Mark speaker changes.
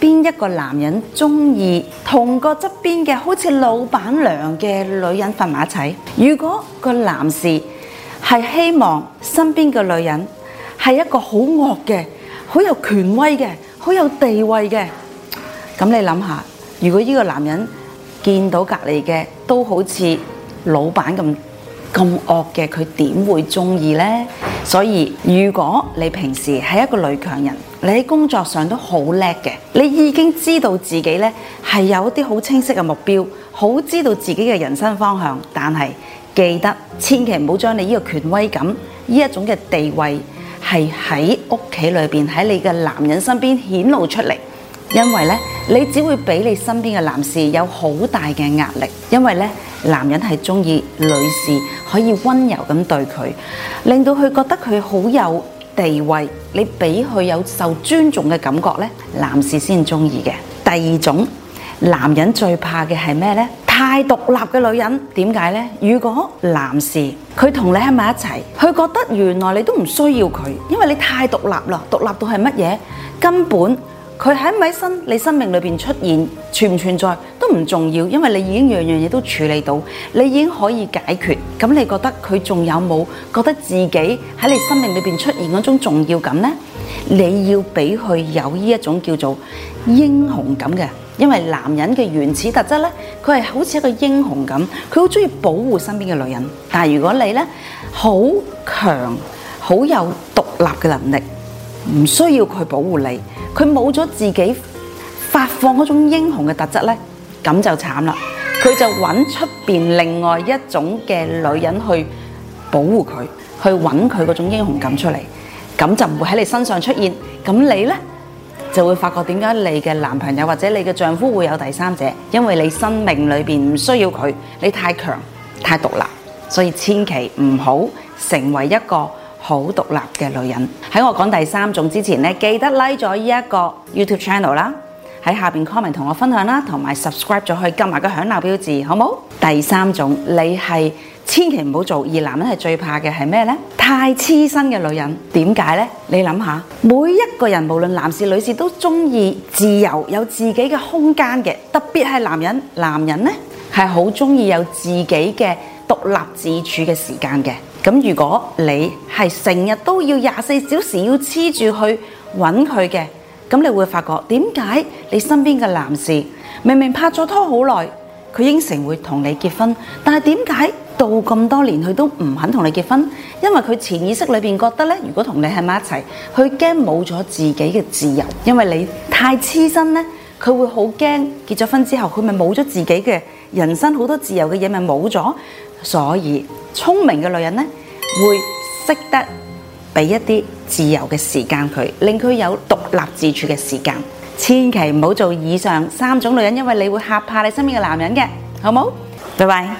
Speaker 1: 邊一個男人中意同個側邊嘅好似老闆娘嘅女人瞓埋一齊？如果個男士係希望身邊嘅女人係一個好惡嘅、好有權威嘅、好有地位嘅，咁你諗下，如果呢個男人見到隔籬嘅都好似老闆咁咁惡嘅，佢點會中意呢？所以，如果你平時係一個女強人，你喺工作上都好叻嘅，你已經知道自己咧係有一啲好清晰嘅目標，好知道自己嘅人生方向。但係記得千祈唔好將你依個權威感依一種嘅地位係喺屋企裏邊喺你嘅男人身邊顯露出嚟。因為咧，你只會俾你身邊嘅男士有好大嘅壓力。因為咧，男人係中意女士可以溫柔咁對佢，令到佢覺得佢好有地位，你俾佢有受尊重嘅感覺咧，男士先中意嘅。第二種，男人最怕嘅係咩咧？太獨立嘅女人點解咧？如果男士佢同你喺埋一齊，佢覺得原來你都唔需要佢，因為你太獨立啦，獨立到係乜嘢？根本。佢喺唔喺喺你生命裏邊出現存唔存在都唔重要，因為你已經樣樣嘢都處理到，你已經可以解決。咁你覺得佢仲有冇覺得自己喺你生命裏邊出現嗰種重要感咧？你要俾佢有呢一種叫做英雄感嘅，因為男人嘅原始特質咧，佢係好似一個英雄咁，佢好中意保護身邊嘅女人。但係如果你咧，好強、好有獨立嘅能力。唔需要佢保護你，佢冇咗自己發放嗰種英雄嘅特質咧，咁就慘啦。佢就揾出邊另外一種嘅女人去保護佢，去揾佢嗰種英雄感出嚟，咁就唔會喺你身上出現。咁你咧就會發覺點解你嘅男朋友或者你嘅丈夫會有第三者，因為你生命裏邊唔需要佢，你太強太獨立，所以千祈唔好成為一個。好獨立嘅女人，喺我講第三種之前咧，記得拉 i 咗呢一個 YouTube channel 啦，喺下面 comment 同我分享啦，同埋 subscribe 咗去撳埋個響鬧標誌，好不好？第三種，你係千祈唔好做，而男人係最怕嘅，係咩呢？太黐身嘅女人，點解呢？你諗下，每一個人無論男士女士都中意自由，有自己嘅空間嘅，特別係男人，男人呢係好中意有自己嘅獨立自處嘅時間嘅。咁如果你係成日都要廿四小時要黐住去揾佢嘅，咁你會發覺點解你身邊嘅男士明明拍咗拖好耐，佢應承會同你結婚，但係點解到咁多年佢都唔肯同你結婚？因為佢潛意識裏邊覺得咧，如果同你喺埋一齊，佢驚冇咗自己嘅自由，因為你太黐身咧，佢會好驚結咗婚之後佢咪冇咗自己嘅。人生好多自由嘅嘢咪冇咗，所以聰明嘅女人呢，會識得俾一啲自由嘅時間佢，令佢有獨立自處嘅時間。千祈唔好做以上三種女人，因為你會吓怕你身邊嘅男人嘅，好冇？拜拜。